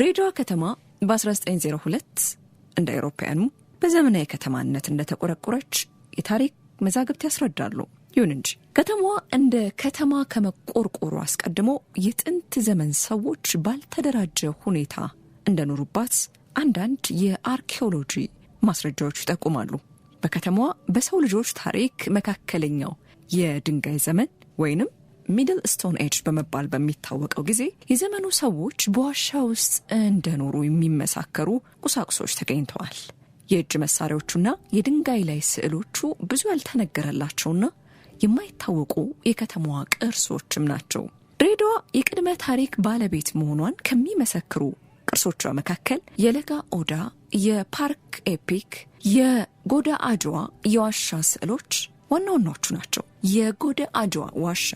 ድሬዳዋ ከተማ በ1902 እንደ አውሮፓውያኑ በዘመናዊ ከተማነት እንደተቆረቆረች የታሪክ መዛግብት ያስረዳሉ። ይሁን እንጂ ከተማዋ እንደ ከተማ ከመቆርቆሩ አስቀድሞ የጥንት ዘመን ሰዎች ባልተደራጀ ሁኔታ እንደኖሩባት አንዳንድ የአርኪኦሎጂ ማስረጃዎች ይጠቁማሉ። በከተማዋ በሰው ልጆች ታሪክ መካከለኛው የድንጋይ ዘመን ወይንም ሚድል ስቶን ኤጅ በመባል በሚታወቀው ጊዜ የዘመኑ ሰዎች በዋሻ ውስጥ እንደኖሩ የሚመሳከሩ ቁሳቁሶች ተገኝተዋል። የእጅ መሳሪያዎቹና የድንጋይ ላይ ስዕሎቹ ብዙ ያልተነገረላቸውና የማይታወቁ የከተማዋ ቅርሶችም ናቸው። ድሬዳዋ የቅድመ ታሪክ ባለቤት መሆኗን ከሚመሰክሩ ቅርሶቿ መካከል የለጋ ኦዳ፣ የፓርክ ኤፒክ፣ የጎዳ አጅዋ የዋሻ ስዕሎች ዋና ዋናዎቹ ናቸው። የጎዳ አጅዋ ዋሻ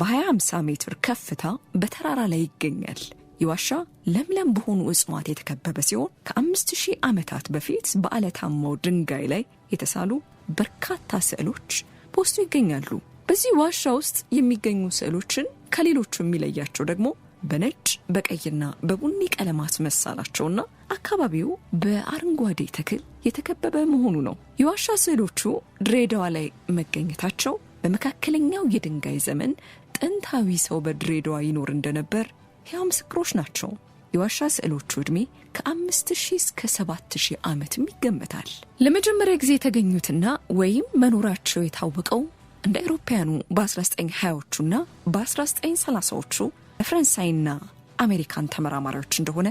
በ250 ሜትር ከፍታ በተራራ ላይ ይገኛል። ይህ ዋሻ ለምለም በሆኑ እጽዋት የተከበበ ሲሆን ከ ሺህ ዓመታት በፊት በዓለታማው ድንጋይ ላይ የተሳሉ በርካታ ስዕሎች በውስጡ ይገኛሉ። በዚህ ዋሻ ውስጥ የሚገኙ ስዕሎችን ከሌሎቹ የሚለያቸው ደግሞ በነጭ በቀይና በቡኒ ቀለማት መሳላቸውና አካባቢው በአረንጓዴ ተክል የተከበበ መሆኑ ነው። የዋሻ ስዕሎቹ ድሬዳዋ ላይ መገኘታቸው በመካከለኛው የድንጋይ ዘመን ጥንታዊ ሰው በድሬዳዋ ይኖር እንደነበር ሕያው ምስክሮች ናቸው። የዋሻ ስዕሎቹ ዕድሜ ከአምስት ሺህ እስከ ሰባት ሺህ ዓመትም ይገመታል። ለመጀመሪያ ጊዜ የተገኙትና ወይም መኖራቸው የታወቀው እንደ አውሮፓውያኑ በ1920ዎቹና በ1930ዎቹ በፈረንሳይና አሜሪካን ተመራማሪዎች እንደሆነ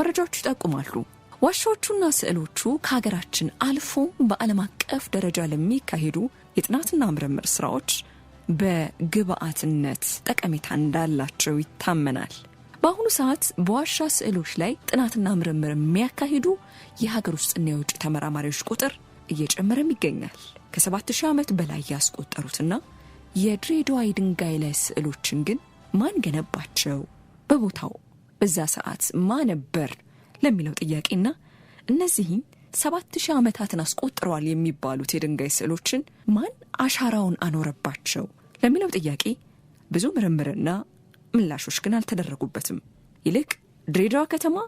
መረጃዎቹ ይጠቁማሉ። ዋሻዎቹና ስዕሎቹ ከሀገራችን አልፎ በዓለም አቀፍ ደረጃ ለሚካሄዱ የጥናትና ምርምር ስራዎች በግብአትነት ጠቀሜታ እንዳላቸው ይታመናል። በአሁኑ ሰዓት በዋሻ ስዕሎች ላይ ጥናትና ምርምር የሚያካሂዱ የሀገር ውስጥና የውጭ ተመራማሪዎች ቁጥር እየጨመረም ይገኛል። ከ ከ7000 ዓመት በላይ ያስቆጠሩትና የድሬዳዋ የድንጋይ ላይ ስዕሎችን ግን ማን ገነባቸው? በቦታው በዛ ሰዓት ማነበር ለሚለው ጥያቄና እነዚህን ሰባት ሺህ ዓመታትን አስቆጥረዋል የሚባሉት የድንጋይ ስዕሎችን ማን አሻራውን አኖረባቸው ለሚለው ጥያቄ ብዙ ምርምርና ምላሾች ግን አልተደረጉበትም። ይልቅ ድሬዳዋ ከተማ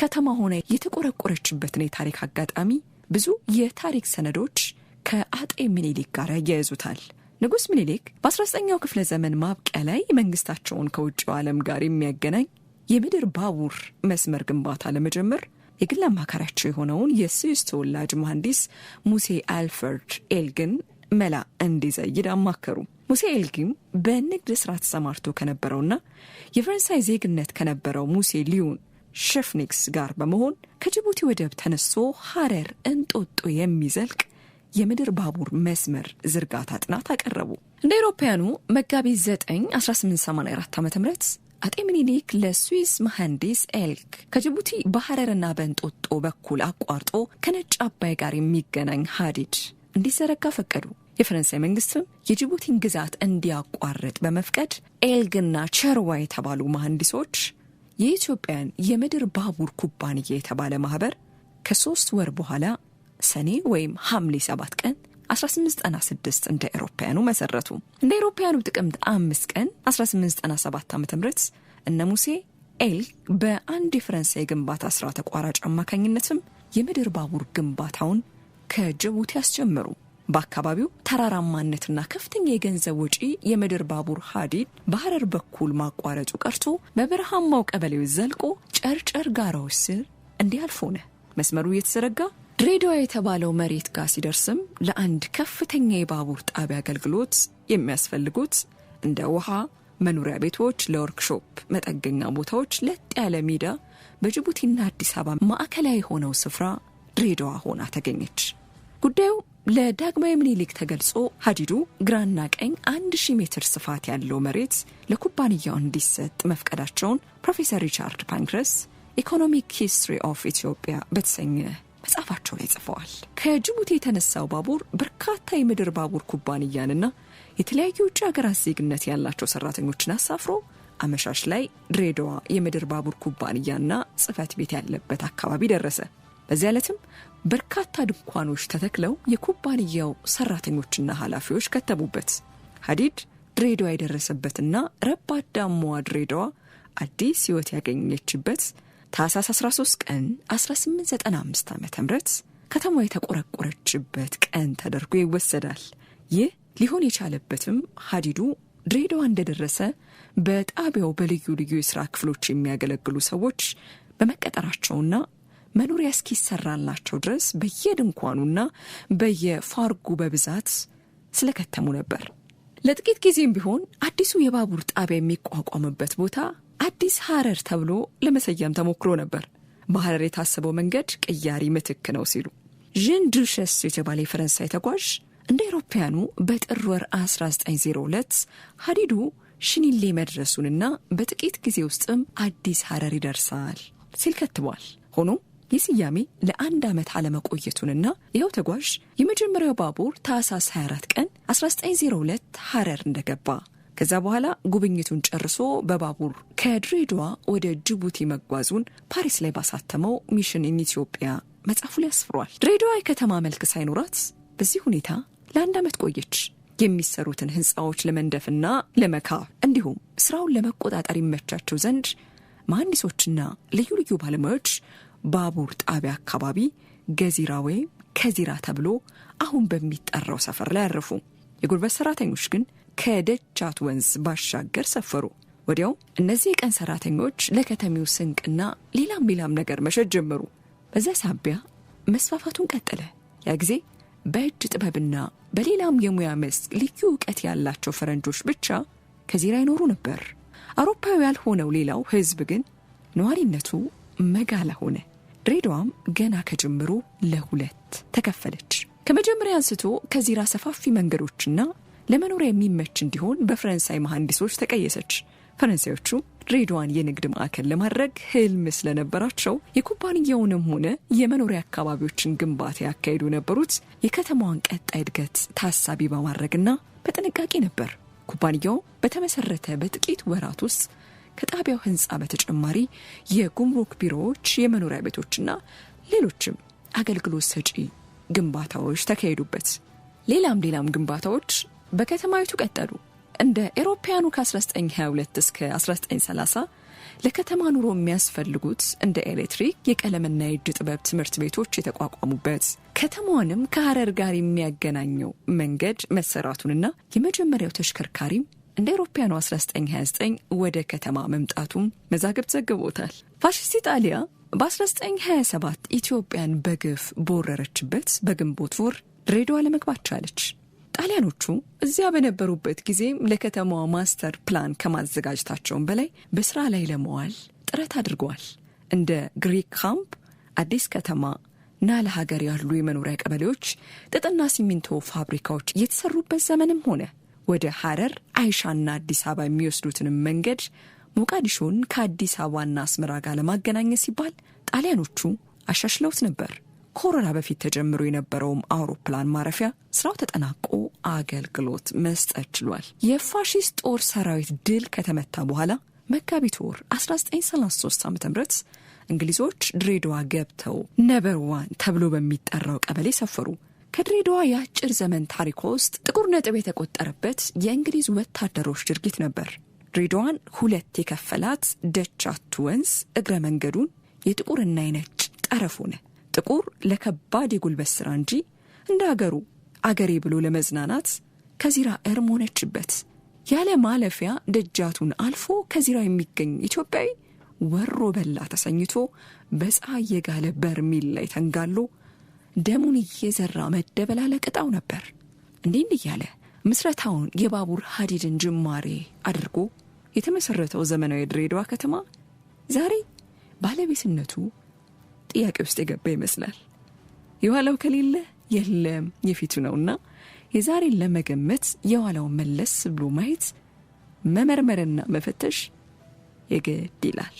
ከተማ ሆነ የተቆረቆረችበትን የታሪክ አጋጣሚ ብዙ የታሪክ ሰነዶች ከአጤ ምኒልክ ጋር ያያይዙታል። ንጉሥ ምኒልክ በ19ኛው ክፍለ ዘመን ማብቂያ ላይ መንግስታቸውን ከውጭው ዓለም ጋር የሚያገናኝ የምድር ባቡር መስመር ግንባታ ለመጀመር የግል አማካሪያቸው የሆነውን የስዊስ ተወላጅ መሐንዲስ ሙሴ አልፈርድ ኤልግን መላ እንዲዘይድ አማከሩ። ሙሴ ኤልግም በንግድ ስራ ተሰማርቶ ከነበረውና የፈረንሳይ ዜግነት ከነበረው ሙሴ ሊዮን ሸፍኒክስ ጋር በመሆን ከጅቡቲ ወደብ ተነስቶ ሐረር እንጦጦ የሚዘልቅ የምድር ባቡር መስመር ዝርጋታ ጥናት አቀረቡ። እንደ አውሮፓውያኑ መጋቢት 9 1884 ዓ ም አጤ ምኒሊክ ለስዊስ መሐንዲስ ኤልክ ከጅቡቲ ባህረርና በእንጦጦ በኩል አቋርጦ ከነጭ አባይ ጋር የሚገናኝ ሀዲድ እንዲዘረጋ ፈቀዱ። የፈረንሳይ መንግስትም የጅቡቲን ግዛት እንዲያቋርጥ በመፍቀድ ኤልግና ቸርዋ የተባሉ መሐንዲሶች የኢትዮጵያን የምድር ባቡር ኩባንያ የተባለ ማህበር ከሶስት ወር በኋላ ሰኔ ወይም ሐምሌ ሰባት ቀን 1896 እንደ ኤሮፓያኑ መሰረቱ። እንደ ኤሮፓያኑ ጥቅምት አምስት ቀን 1897 ዓ ም እነ ሙሴ ኤል በአንድ የፈረንሳይ ግንባታ ስራ ተቋራጭ አማካኝነትም የምድር ባቡር ግንባታውን ከጅቡቲ አስጀመሩ። በአካባቢው ተራራማነትና ከፍተኛ የገንዘብ ወጪ የምድር ባቡር ሀዲድ በሐረር በኩል ማቋረጡ ቀርቶ በበረሃማው ቀበሌዎች ዘልቆ ጨርጨር ጋራዎች ስር እንዲያልፍ ሆነ። መስመሩ እየተዘረጋ ድሬዳዋ የተባለው መሬት ጋር ሲደርስም ለአንድ ከፍተኛ የባቡር ጣቢያ አገልግሎት የሚያስፈልጉት እንደ ውሃ፣ መኖሪያ ቤቶች፣ ለወርክሾፕ መጠገኛ ቦታዎች፣ ለጥ ያለ ሜዳ በጅቡቲና አዲስ አበባ ማዕከላዊ የሆነው ስፍራ ድሬዳዋ ሆና ተገኘች። ጉዳዩ ለዳግማዊ ምኒልክ ተገልጾ ሀዲዱ ግራና ቀኝ አንድ ሺህ ሜትር ስፋት ያለው መሬት ለኩባንያው እንዲሰጥ መፍቀዳቸውን ፕሮፌሰር ሪቻርድ ፓንክረስ ኢኮኖሚክ ሂስትሪ ኦፍ ኢትዮጵያ በተሰኘ መጽሐፋቸው ላይ ጽፈዋል። ከጅቡቲ የተነሳው ባቡር በርካታ የምድር ባቡር ኩባንያንና የተለያዩ ውጭ ሀገራት ዜግነት ያላቸው ሰራተኞችን አሳፍሮ አመሻሽ ላይ ድሬዳዋ የምድር ባቡር ኩባንያና ጽህፈት ቤት ያለበት አካባቢ ደረሰ። በዚያ ዕለትም በርካታ ድንኳኖች ተተክለው የኩባንያው ሰራተኞችና ኃላፊዎች ከተቡበት። ሀዲድ ድሬዳዋ የደረሰበትና ረባዳማዋ ድሬዳዋ አዲስ ሕይወት ያገኘችበት ታህሳስ 13 ቀን 1895 ዓ ም ከተማ የተቆረቆረችበት ቀን ተደርጎ ይወሰዳል። ይህ ሊሆን የቻለበትም ሀዲዱ ድሬዳዋ እንደደረሰ በጣቢያው በልዩ ልዩ የሥራ ክፍሎች የሚያገለግሉ ሰዎች በመቀጠራቸውና መኖሪያ እስኪሰራላቸው ድረስ በየድንኳኑና በየፋርጉ በብዛት ስለከተሙ ነበር። ለጥቂት ጊዜም ቢሆን አዲሱ የባቡር ጣቢያ የሚቋቋምበት ቦታ አዲስ ሐረር ተብሎ ለመሰየም ተሞክሮ ነበር። በሐረር የታሰበው መንገድ ቅያሪ ምትክ ነው ሲሉ ዥን ዱሸስ የተባለ የፈረንሳይ ተጓዥ እንደ አውሮፓውያኑ በጥር ወር 1902 ሀዲዱ ሽኒሌ መድረሱንና በጥቂት ጊዜ ውስጥም አዲስ ሐረር ይደርሳል ሲል ከትቧል። ሆኖም ይህ ስያሜ ለአንድ ዓመት አለመቆየቱንና ይኸው ተጓዥ የመጀመሪያው ባቡር ታህሳስ 24 ቀን 1902 ሐረር እንደገባ ከዛ በኋላ ጉብኝቱን ጨርሶ በባቡር ከድሬዳዋ ወደ ጅቡቲ መጓዙን ፓሪስ ላይ ባሳተመው ሚሽን ኢን ኢትዮጵያ መጽሐፉ ላይ አስፍሯል። ድሬዳዋ የከተማ መልክ ሳይኖራት በዚህ ሁኔታ ለአንድ ዓመት ቆየች። የሚሰሩትን ህንፃዎች ለመንደፍና ለመካብ እንዲሁም ስራውን ለመቆጣጠር ይመቻቸው ዘንድ መሐንዲሶችና ልዩ ልዩ ባለሙያዎች ባቡር ጣቢያ አካባቢ ገዚራ ወይም ከዚራ ተብሎ አሁን በሚጠራው ሰፈር ላይ አረፉ። የጉልበት ሰራተኞች ግን ከደቻት ወንዝ ባሻገር ሰፈሩ። ወዲያው እነዚህ የቀን ሰራተኞች ለከተሜው ስንቅና ሌላም ሌላም ነገር መሸጥ ጀመሩ። በዛ ሳቢያ መስፋፋቱን ቀጠለ። ያ ጊዜ በእጅ ጥበብና በሌላም የሙያ መስክ ልዩ እውቀት ያላቸው ፈረንጆች ብቻ ከዚራ ይኖሩ ነበር። አውሮፓዊ ያልሆነው ሌላው ህዝብ ግን ነዋሪነቱ መጋላ ሆነ። ድሬዳዋም ገና ከጀምሩ ለሁለት ተከፈለች። ከመጀመሪያ አንስቶ ከዚራ ሰፋፊ መንገዶችና ለመኖሪያ የሚመች እንዲሆን በፈረንሳይ መሐንዲሶች ተቀየሰች። ፈረንሳዮቹ ድሬዳዋን የንግድ ማዕከል ለማድረግ ህልም ስለነበራቸው የኩባንያውንም ሆነ የመኖሪያ አካባቢዎችን ግንባታ ያካሄዱ የነበሩት የከተማዋን ቀጣይ እድገት ታሳቢ በማድረግና በጥንቃቄ ነበር። ኩባንያው በተመሰረተ በጥቂት ወራት ውስጥ ከጣቢያው ህንፃ በተጨማሪ የጉምሩክ ቢሮዎች፣ የመኖሪያ ቤቶችና ሌሎችም አገልግሎት ሰጪ ግንባታዎች ተካሄዱበት። ሌላም ሌላም ግንባታዎች በከተማይቱ ቀጠሉ። እንደ ኤሮፓያኑ ከ1922 እስከ 1930 ለከተማ ኑሮ የሚያስፈልጉት እንደ ኤሌክትሪክ፣ የቀለምና የእጅ ጥበብ ትምህርት ቤቶች የተቋቋሙበት ከተማዋንም ከሀረር ጋር የሚያገናኘው መንገድ መሰራቱንና የመጀመሪያው ተሽከርካሪም እንደ ኤሮፓያኑ 1929 ወደ ከተማ መምጣቱም መዛግብት ዘግቦታል። ፋሽስት ኢጣሊያ በ1927 ኢትዮጵያን በግፍ በወረረችበት በግንቦት ወር ድሬዳዋ ለመግባት ቻለች። ጣሊያኖቹ እዚያ በነበሩበት ጊዜ ለከተማዋ ማስተር ፕላን ከማዘጋጀታቸውም በላይ በስራ ላይ ለመዋል ጥረት አድርገዋል። እንደ ግሪክ ካምፕ፣ አዲስ ከተማ እና ለሀገር ያሉ የመኖሪያ ቀበሌዎች ጥጥና ሲሚንቶ ፋብሪካዎች እየተሰሩበት ዘመንም ሆነ ወደ ሐረር አይሻና አዲስ አበባ የሚወስዱትንም መንገድ ሞቃዲሾን ከአዲስ አበባና አስመራ ጋር ለማገናኘት ሲባል ጣሊያኖቹ አሻሽለውት ነበር። ከኮሮና በፊት ተጀምሮ የነበረውም አውሮፕላን ማረፊያ ስራው ተጠናቆ አገልግሎት መስጠት ችሏል። የፋሺስት ጦር ሰራዊት ድል ከተመታ በኋላ መጋቢት ወር 1933 ዓ ም እንግሊዞች ድሬዳዋ ገብተው ነበር ዋን ተብሎ በሚጠራው ቀበሌ ሰፈሩ። ከድሬዳዋ የአጭር ዘመን ታሪክ ውስጥ ጥቁር ነጥብ የተቆጠረበት የእንግሊዝ ወታደሮች ድርጊት ነበር። ድሬዳዋን ሁለት የከፈላት ደቻቱ ወንዝ እግረ መንገዱን የጥቁርና የነጭ ጠረፍ ሆነ። ጥቁር ለከባድ የጉልበት ሥራ እንጂ እንደ አገሩ አገሬ ብሎ ለመዝናናት ከዚራ እርም ሆነችበት። ያለ ማለፊያ ደጃቱን አልፎ ከዚራ የሚገኝ ኢትዮጵያዊ ወሮ በላ ተሰኝቶ በፀሐይ የጋለ በርሜል ላይ ተንጋሎ ደሙን እየዘራ መደበላለቅ ዕጣው ነበር። እንዲህ እንዲህ እያለ ምስረታውን የባቡር ሀዲድን ጅማሬ አድርጎ የተመሠረተው ዘመናዊ ድሬዳዋ ከተማ ዛሬ ባለቤትነቱ ጥያቄ ውስጥ የገባ ይመስላል። የኋላው ከሌለ የለም የፊቱ ነውና የዛሬን ለመገመት የኋላውን መለስ ብሎ ማየት መመርመርና መፈተሽ የግድ ይላል።